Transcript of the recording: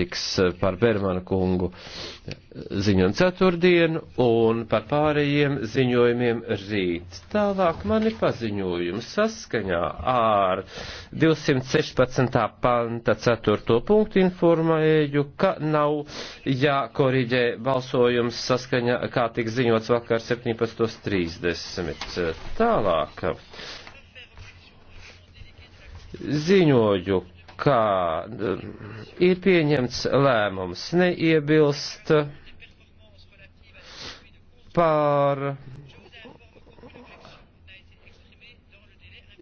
notiks eh, par Bermanu kungu ziņojumu ceturtdienu un par pārējiem ziņojumiem rīt. Tālāk mani paziņojumi saskaņā ar 216. panta 4. punktu informēju, ka nav jākoriģē balsojums saskaņā, kā tik ziņots vakar 17.30. Tālāk ziņoju, ka eh, ir pieņemts lēmums neiebilst par